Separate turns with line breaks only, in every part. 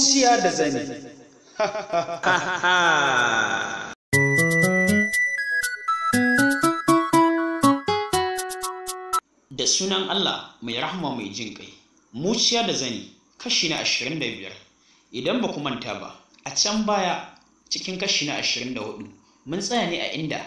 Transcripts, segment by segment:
zuciya da zani da sunan Allah mai rahama mai jin kai muciya da zani kashi na 25 idan ba ku manta ba a can baya cikin kashi na 24 mun tsaya ne a inda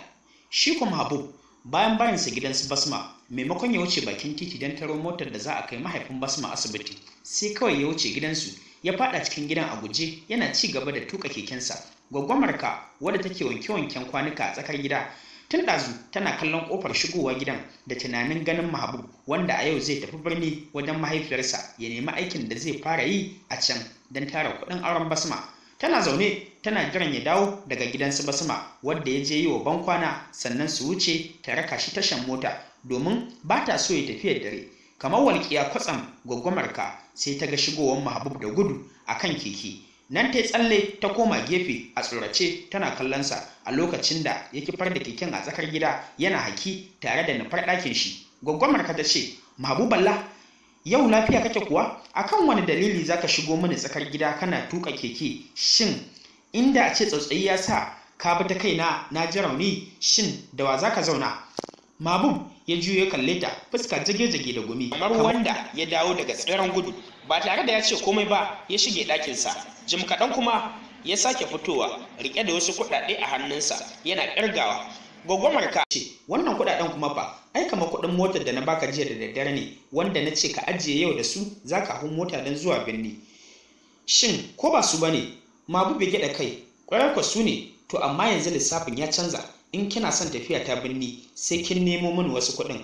shi kuma habub bayan gidan gidansu basma maimakon ya wuce bakin titi don taro motar da za a kai mahaifin basma asibiti sai kawai ya wuce gidansu ya fada cikin gidan a guje yana ci gaba da tuka kekensa gwaggwamarka wadda take wanke-wanken kwanuka a tsakar gida tun ɗazu tana kallon ƙofar shigowa gidan da tunanin ganin mahabub wanda a yau zai tafi birni wajen mahaifiyarsa ya nemi aikin da zai fara yi a can don tara kuɗin auren basma tana zaune tana jiran ya dawo daga gidan su basma wadda ya je yi wa bankwana sannan su wuce ta raka shi tashan mota domin ba ta so ya tafi dare kamar walƙiya kwatsam gwaggwamarka sai ta ga shigowar mahabub da gudu a kan keke nan ta tsalle ta koma gefe a tsorace tana kallonsa a lokacin da ya far da keken a tsakar gida yana haki tare da nufar ɗakin shi gwaggwamarka ta ce mahabuballa yau lafiya kake kuwa akan wani dalili zaka shigo mini tsakar gida kana tuka keke shin inda a ce tsautsayi ya sa ka bi ta kaina na ji rauni shin da wa ka zauna mabub ya juyo ya kalle ta fuska jage-jage da gumi kamar wanda ya dawo daga tseren gudu ba tare da ya ce komai ba ya shige ɗakinsa jim kaɗan kuma ya sake fitowa riƙe da wasu kuɗaɗe a hannunsa yana ƙirgawa gwagwamar ka ce wannan kuɗaɗen kuma ba ai kama kuɗin motar da na baka jiya da daddare ne wanda na ce ka ajiye yau da su za ka hau mota don zuwa birni shin ko ba su ba ne mabu bai gyaɗa kai ƙwarar su ne to amma yanzu lissafin ya canza in kina son tafiya ta binni, sai kin nemo mini wasu kuɗin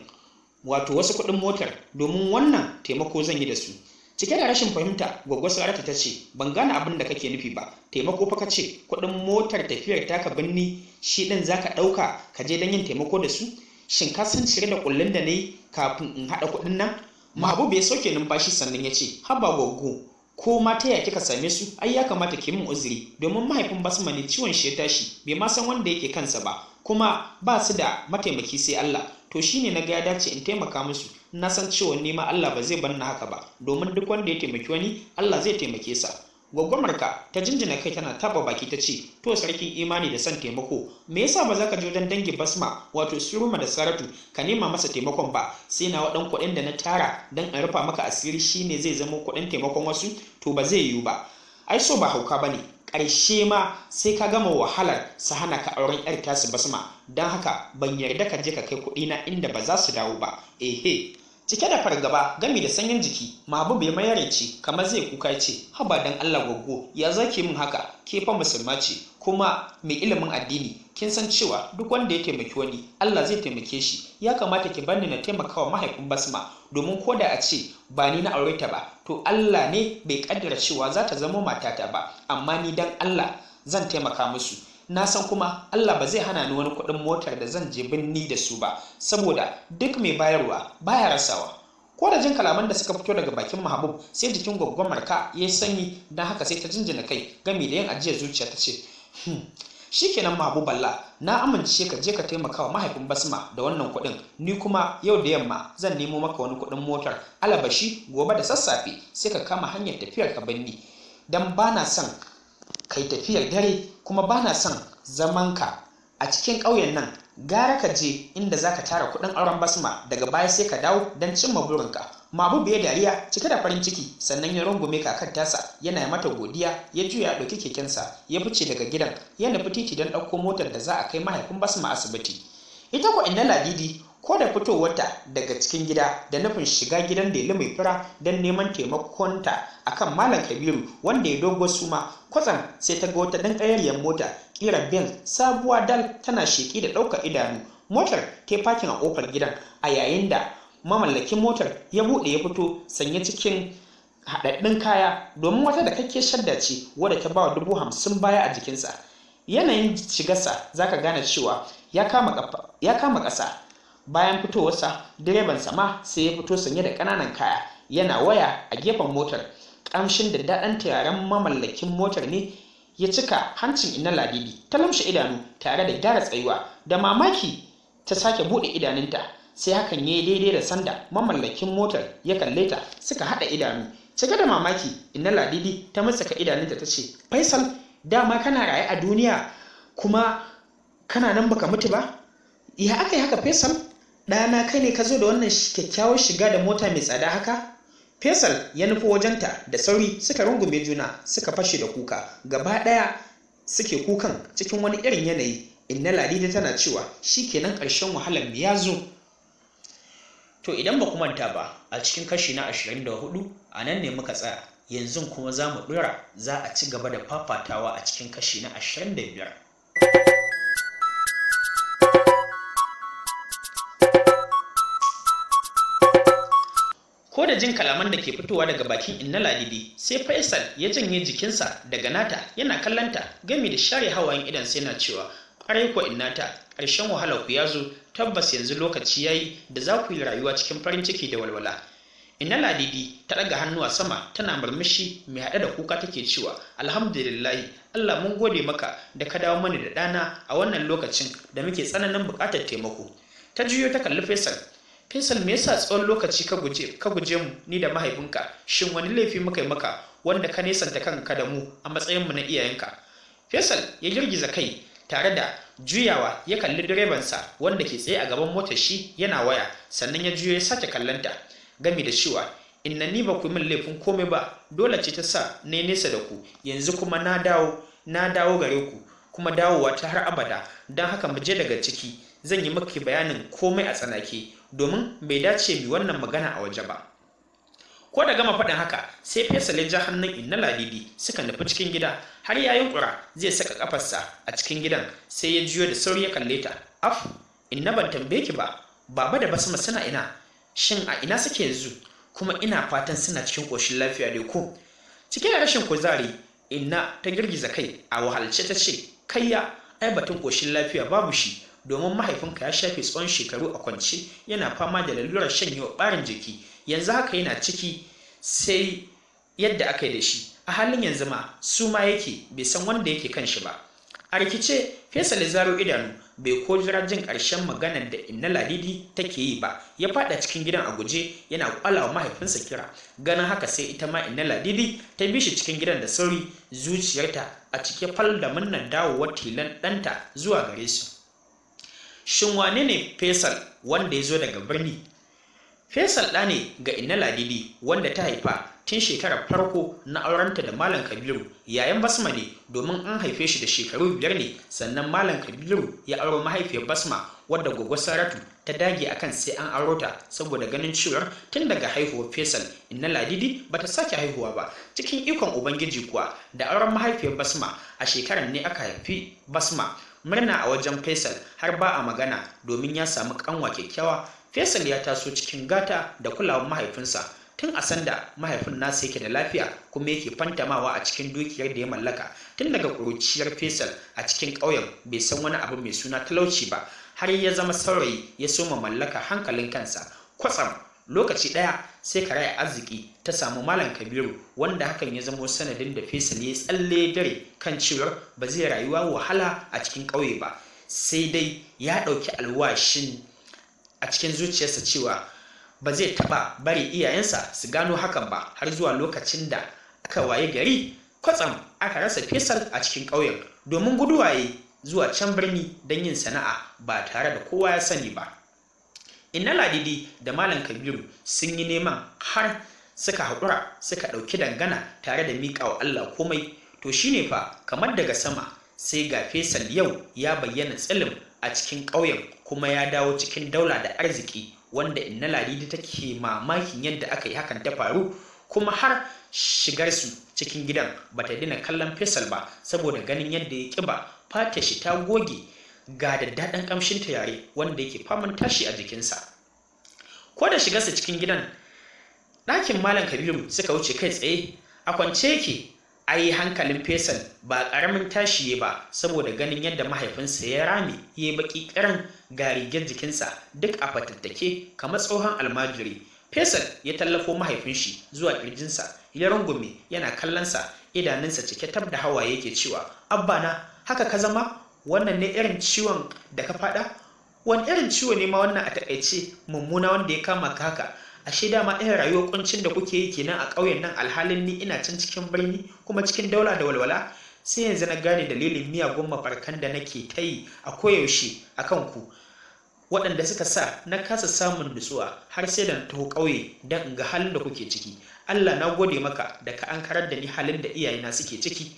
wato wasu kuɗin motar domin wannan taimako zan yi da su cike da rashin fahimta gwaggwa sarata ta ce ban gane abin da kake nufi ba taimako fa ka ce kuɗin motar tafiyar ka binni shi ɗin za ka ɗauka ka je don yin taimako da su shin ka san cire da kullun da na yi kafin in haɗa kuɗin nan mahabubu ya soke numfashi sannan ya ce haba gwaggo ko ma ta kika same su ai ya kamata ki min uzuri domin mahaifin basma ciwon shi ya tashi bai ma san wanda yake kansa ba kuma ba su da mataimaki sai Allah to shine na ga ya dace in taimaka musu na san cewa nema Allah ba zai bar ni haka ba domin duk wanda ya taimaki wani Allah zai taimake sa Gwaggwamarka ta jinjina kai tana taba baki ta ce, To sarkin imani da son taimako, me yasa ba za ka je wajen dangin basma wato suruma da saratu ka nema masa taimakon ba, sai na waɗan kuɗin da na tara don in rufa maka asiri shine zai zama kuɗin taimakon wasu, to ba zai yiwu ba. Ai so ba hauka ba ne, ƙarshe ma sai ka gama wahalar su hana ka auren yar tasu basma don haka ban yarda ka je ka kai kuɗi na inda ba za su dawo ba ehe cike da fargaba gami da sanyin jiki mabu bai mayar ce kamar zai kuka ce haba dan Allah gwaggo. ya zake min haka ke fa musulma ce kuma mai ilimin addini kin san cewa duk wanda ya taimaki wani Allah zai taimake shi ya kamata ki bani na taimakawa mahaifin basma domin ko da a ce ba ni na aure ta ba to Allah ne bai kaddara cewa za ta zama matata ba amma ni dan Allah zan taimaka musu na san kuma Allah ba zai hana ni wani kuɗin motar da zan je binni da su ba saboda duk mai bayarwa baya rasawa ko da jin kalaman da suka fito daga bakin mahabub sai jikin gwaggwamar marka ya sanyi don haka sai ta jinjina kai gami da yin ajiyar zuciya ta ce hmm, shikenan mahabub Allah na amince ka je ka taimaka wa mahaifin basma da wannan kuɗin ni kuma yau da yamma zan nemo maka wani kuɗin motar alabashi gobe da sassafe sai ka kama hanyar tafiyar ka binni dan bana son kai tafiyar dare kuma bana son zamanka a cikin ƙauyen nan gara ka je inda za ka tara kuɗin auren basma daga baya sai ka dawo don cimma burinka mabu biye dariya cike da farin ciki sannan ya rungume kakar tasa yana mata godiya ya juya ɗauki kekensa ya fice daga gidan ya nufi titi don ɗauko motar da za a kai mahaifin basma asibiti ita ko inda ladidi ko da fitowarta daga cikin gida da nufin shiga gidan delu mai fira don neman taimakonta akan malam kabiru wanda ya dogo suma kwatsam sai ta ga wata ɗan ƙayarriyar mota ƙirar bin sabuwa dal tana sheƙi da ɗaukar idanu motar ta fakin a ƙofar gidan a yayin da mamallakin motar ya buɗe ya fito sanye cikin haɗaɗɗun kaya domin wata da kake shadda ce wadda ta bawa dubu hamsin baya a jikinsa yanayin shigarsa za ka gane cewa ya kama ƙasa bayan fitowarsa direban sama sai ya fito sanye da ƙananan kaya yana waya a gefen motar ƙamshin da daɗin turaren mamallakin motar ne ya cika hancin inna ladidi ta lamshe idanu tare da gyara tsayuwa da mamaki ta sake bude idanunta sai hakan ya yi daidai da sanda mamallakin motar ya kalle ta suka haɗa idanu cike da mamaki inna ladidi ta masaka idanunta ta ce faisal dama kana raye a duniya kuma kana nan baka mutu ba ya aka yi haka faisal ɗana kai ne ka zo da wannan kyakkyawar shiga da mota mai tsada haka fesal ya nufi wajenta da sauri suka rungume juna suka fashe da kuka gaba ɗaya suke kukan cikin wani irin yanayi inna ladida tana cewa shi kenan ƙarshen wahalar mu ya zo to idan ba ku manta ba a cikin kashi na 24 a nan ne muka tsaya yanzu kuma za mu ɗora za a ci gaba da fafatawa a cikin kashi na 25 ko da jin kalaman da ke fitowa daga bakin inna Ladidi, sai faisal ya janye jikinsa daga nata yana kallanta gami da share hawayen idan sai na cewa ƙwarai ko innata ƙarshen wahala ku ya zo tabbas yanzu lokaci ya yi da za ku yi rayuwa cikin farin ciki da walwala inna Ladidi ta ɗaga hannuwa sama tana murmushi mai haɗe da kuka take cewa alhamdulillahi allah mun gode maka da ka dawo mani da ɗana a wannan lokacin da muke tsananin buƙatar taimako ta juyo ta kalli faisal fesal me yasa tsawon lokaci ka guje ka guje mu ni da mahaifinka shin wani laifi muka yi maka wanda ka nesanta ka da mu a matsayin mu na iyayenka fesal ya girgiza kai tare da juyawa ya kalli direbansa wanda ke tsaye a gaban motar shi yana waya sannan ya juyo ya sake kallanta gami da cewa inna ni ba ku min laifin komai ba dole ce ta sa ne nesa da ku yanzu kuma na dawo na dawo gare ku kuma dawowa ta har abada don haka mu je daga ciki zan yi maki bayanin komai a tsanake domin bai dace bi wannan magana a waje ba ko da gama faɗin haka sai fesa ya ja hannun inna ladidi suka nufi cikin gida har ya ƙura, zai saka ƙafarsa a cikin gidan sai ya juyo da sauri ya kalle ta af inna ban tambaye ki ba baba da basma suna ina shin a ina suke yanzu kuma ina fatan suna cikin ƙoshin lafiya da ko cike da rashin kuzari inna ta girgiza kai a wahalce ta ce kayya ai batun ƙoshin lafiya babu shi domin mahaifinka ya shafe tsawon shekaru a kwance yana fama da lalurar shanyewa ɓarin jiki yanzu haka yana ciki sai yadda aka yi da shi a halin yanzu ma su ma yake bai san wanda yake kan shi ba a rikice fesal zaro idanu bai ko jira jin ƙarshen maganar da inna ladidi take yi ba ya fada cikin gidan a guje yana kwala wa mahaifinsa kira ganin haka sai ita ma inna ladidi ta bi shi cikin gidan da sauri zuciyarta a cike fal da munnan dawowar tilan ɗanta zuwa gare su shin wane ne fesal wanda ya zo daga birni fesal ɗa ne ga inna ladidi wanda ta haifa tun shekarar farko na aurenta da malam kabiru yayan basma ne domin an haife shi da shekaru biyar ne sannan malam kabiru ya auro mahaifiyar basma wadda gwagwa saratu ta dage akan sai an auro ta saboda ganin cewar tun daga haihuwar fesal inna ladidi ba ta sake haihuwa ba cikin ikon ubangiji kuwa da auren mahaifiyar basma a shekarar ne aka haifi basma murna a wajen Faisal har ba a magana domin ya samu kanwa kyakkyawa. Faisal ya taso cikin gata da kulawar mahaifinsa tun a sanda mahaifin nasa yake da lafiya kuma yake fantamawa a cikin dukiyar da ya mallaka tun daga ƙuruciyar Faisal a cikin ƙauyen bai san wani abu mai suna talauci ba har ya zama saurayi ya soma mallaka hankalin kansa kwatsam lokaci ɗaya sai ka raya arziki ta samu malam kabiru wanda hakan ya zamo sanadin da fesal ya tsalle dare kan cewar ba zai rayuwa wahala a cikin ƙauye ba sai dai ya ɗauki alwashin a cikin zuciyarsa cewa ba zai taɓa bari iyayensa su gano hakan ba har zuwa lokacin da aka waye gari kwatsam aka rasa fesal a cikin ƙauyen domin guduwaye zuwa can birni don yin sana'a ba tare da kowa ya sani ba inna ladidi da malam kabiru sun yi neman har suka haƙura suka ɗauki dangana tare da miƙa wa allah komai to shine fa kamar daga sama sai ga fesal yau ya bayyana tsilim a cikin ƙauyen kuma ya dawo cikin daula da arziki wanda inna ladidi take mamakin yadda aka yi hakan ta faru kuma har shigar su cikin gidan bata dina kallon fesal ba saboda ganin yadda ya ƙiba fata shi ta goge ga da daɗin ƙamshin ta yare wanda yake faman tashi a jikinsa ko da shigarsa cikin gidan ɗakin malam kabiru suka wuce kai tsaye a kwance yake a yi hankalin fesan ba ƙaramin tashi ba saboda ganin yadda mahaifinsa ya rame ya yi baƙi ƙiran rigar jikinsa duk a fatattake kamar tsohon almajiri fesan ya tallafo mahaifin shi zuwa ƙirjinsa ya rungume yana kallonsa idanunsa cike tab da hawaye yake cewa abba na haka ka zama wannan ne irin ciwon da ka faɗa wani irin ciwo ne ma wannan a takaice mummuna wanda ya kama ka haka ashe ma irin rayuwar kuncin da kuke yi kenan a ƙauyen nan alhalin ni ina can cikin birni kuma cikin daula da walwala sai yanzu na gane dalilin miyagun mafarkan da nake ta yi a koyaushe a kan ku waɗanda suka sa na kasa samun nutsuwa har sai da taho ƙauye don in ga halin da kuke ciki allah na gode maka da ka an karar da ni halin da iyayena suke ciki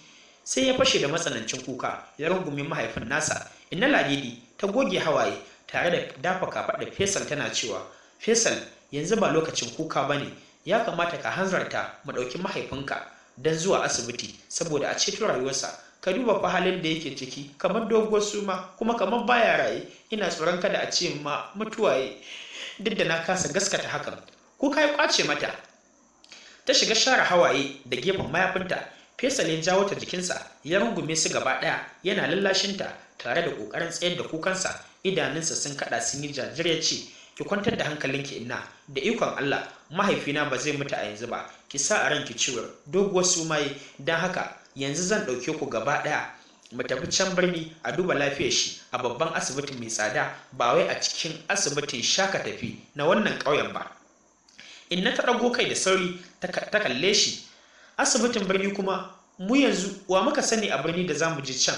sai ya fashe da matsanancin kuka ya rungume mahaifin nasa inna ladidi ta goge hawaye tare da dafa da fesal tana cewa fesal yanzu ba lokacin kuka ba ne ya kamata ka hanzarta mu ɗauki mahaifinka don zuwa asibiti saboda a ceto rayuwarsa ka duba fa halin da yake ciki kamar doguwar suma kuma kamar baya raye ina tsoron kada a ce ma mutuwaye duk da na kasa gaskata hakan kuka ya kwace mata ta shiga share hawaye da gefen mayafinta fesa ne jawo ta jikinsa ya rungume su gaba ɗaya yana lallashinta tare da ƙoƙarin tsayar da kukansa idanunsa sun kaɗa sun yi jajir ya ce ki kwantar da hankalinki inna da ikon Allah mahaifina ba zai mutu a yanzu ba ki sa a ranki cewa doguwar sumaye don haka yanzu zan ɗauke ku gaba ɗaya mu tafi can birni a duba lafiyar shi a babban asibiti mai tsada ba wai a cikin asibitin shaka tafi na wannan ƙauyen ba inna ta ɗago kai da sauri ta kalle shi asibitin birni kuma mu yanzu wa muka sani a birni da zamu je can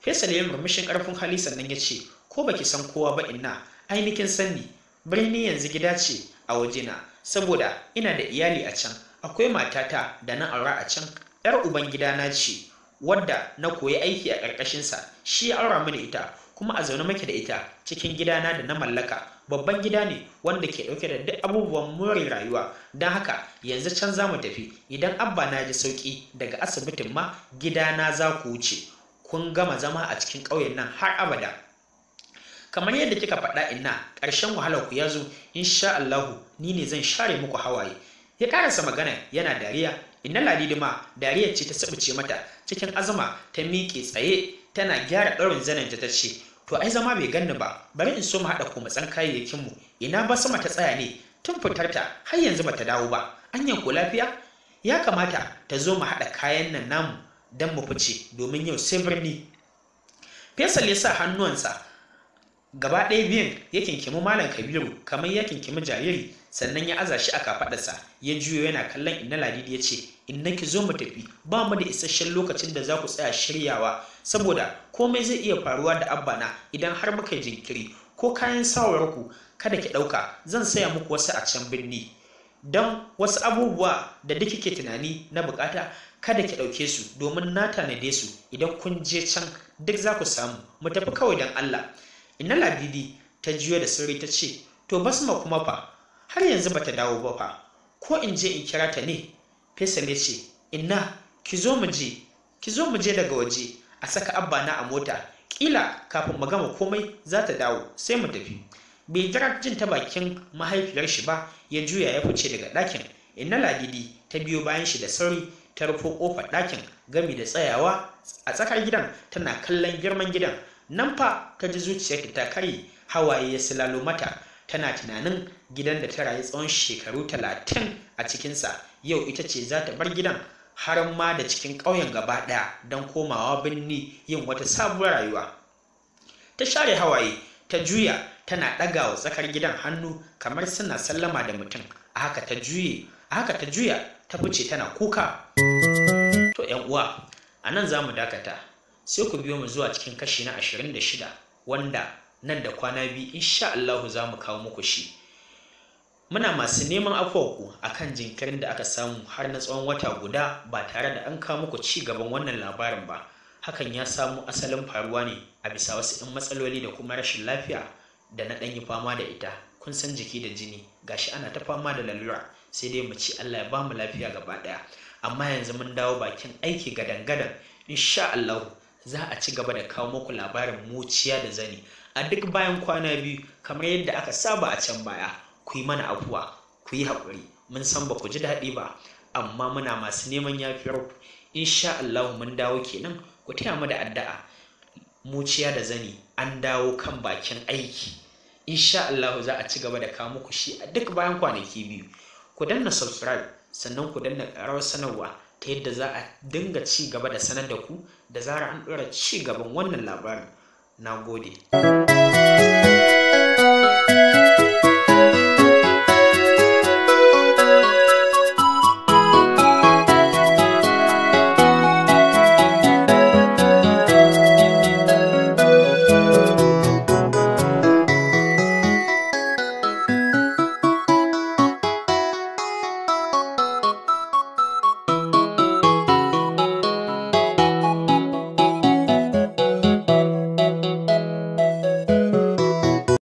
faisal ya murmushin karfin hali sannan ya ce ko baki san kowa ba inna ainihin sani birni yanzu gida ce a waje na saboda ina da iyali a can akwai matata da na aura a can yar uban gidana ce wadda na koyi aiki a ƙarƙashinsa shi ya aura mini ita kuma a zaune muke da ita cikin gidana da na mallaka babban gida ne wanda ke dauke da duk abubuwan more rayuwa don haka yanzu can za mu tafi idan abba na ji sauki daga asibitin ma gidana za ku wuce kun gama zama a cikin ƙauyen nan har abada kamar yadda kika faɗa inna ƙarshen wahalar ku ya zo insha Allahu ni ne zan share muku hawaye ya karasa magana yana dariya inna ladidima dariyar ce ta sabuce mata cikin azuma ta miƙe tsaye tana gyara ɗaurin zanen ta ce to ai zama bai ganni ba bari in so mu haɗa komatsan kayayyakin mu ina ba sama ta tsaya ne tun fitar ta har yanzu bata dawo ba anyan ko lafiya ya kamata ta zo mu haɗa kayan nan namu don mu fice domin yau sai birni fesal ya sa hannuwansa gaba ɗaya biyan ya kinkimi malam kabiru kamar ya kinkimi jariri sannan ya aza shi a kafaɗarsa ya juyo yana kallon inna ladidi ya ce inna ki zo mu tafi ba mu da isasshen lokacin da za ku tsaya shiryawa saboda komai zai iya faruwa da abbana idan har muka jinkiri ko kayan sawar ku kada ki ɗauka zan saya muku wasu a can birni don wasu abubuwa da duk kike tunani na bukata kada ki ɗauke su domin na tanade su idan kun je can duk za ku samu mu tafi kawai don Allah inna ladidi ta juyo da sauri ta ce to basma kuma fa har yanzu bata dawo ba fa ko in je in kira ta ne fesa ne ce inna ki zo mu je ki zo mu je daga waje a saka abba na a mota kila kafin mu gama komai za ta dawo sai mu tafi bai jira jin ta bakin mahaifiyar shi ba ya juya ya fice daga ɗakin inna ladidi ta biyo bayan shi da sauri ta rufo ƙofar ɗakin gami da tsayawa a tsakar gidan tana kallon girman gidan nan fa ta ji zuciyarta ta karye, hawaye ya silalo mata tana tunanin gidan da ta rayu tsawon shekaru talatin a cikinsa yau ita ce za ta bar gidan har ma da cikin ƙauyen gaba ɗaya don komawa birni yin wata sabuwar rayuwa ta share hawaye ta juya tana ɗaga wa tsakar gidan hannu kamar suna sallama da mutum a haka ta a haka ta juya ta fice tana kuka to 'yan uwa a nan za mu dakata sai ku biyo mu zuwa cikin kashi na ashirin da shida, wanda nan da kwana biyu insha Allahu za mu kawo muku shi muna masu neman afuwarku a kan jinkirin da aka samu har na tsawon wata guda ba tare da an kawo muku ci gaban wannan labarin ba hakan ya samu asalin faruwa ne a bisa wasu 'yan matsaloli da kuma rashin lafiya da na ɗan yi fama da ita kun san jiki da jini gashi ana ta fama da lalura sai dai mu ci Allah ya bamu lafiya gaba ɗaya amma yanzu mun dawo bakin aiki gadan-gadan insha Allah za a ci gaba da kawo muku labarin muciya da zani a duk bayan kwana biyu kamar yadda aka saba a can baya ku yi mana abuwa, ku yi haƙuri mun san ba ku ji daɗi ba amma muna masu neman yafiyar ku insha Allah mun dawo kenan ku taya mu da addu'a muciya da zani an dawo kan bakin aiki insha Allah za a ci gaba da kawo muku shi a duk bayan kwanaki biyu ku danna subscribe sannan ku danna ƙarar sanarwa ta yadda za a dinga ci gaba da sanar da ku da zara an ɗora ci gaban wannan labarin na gode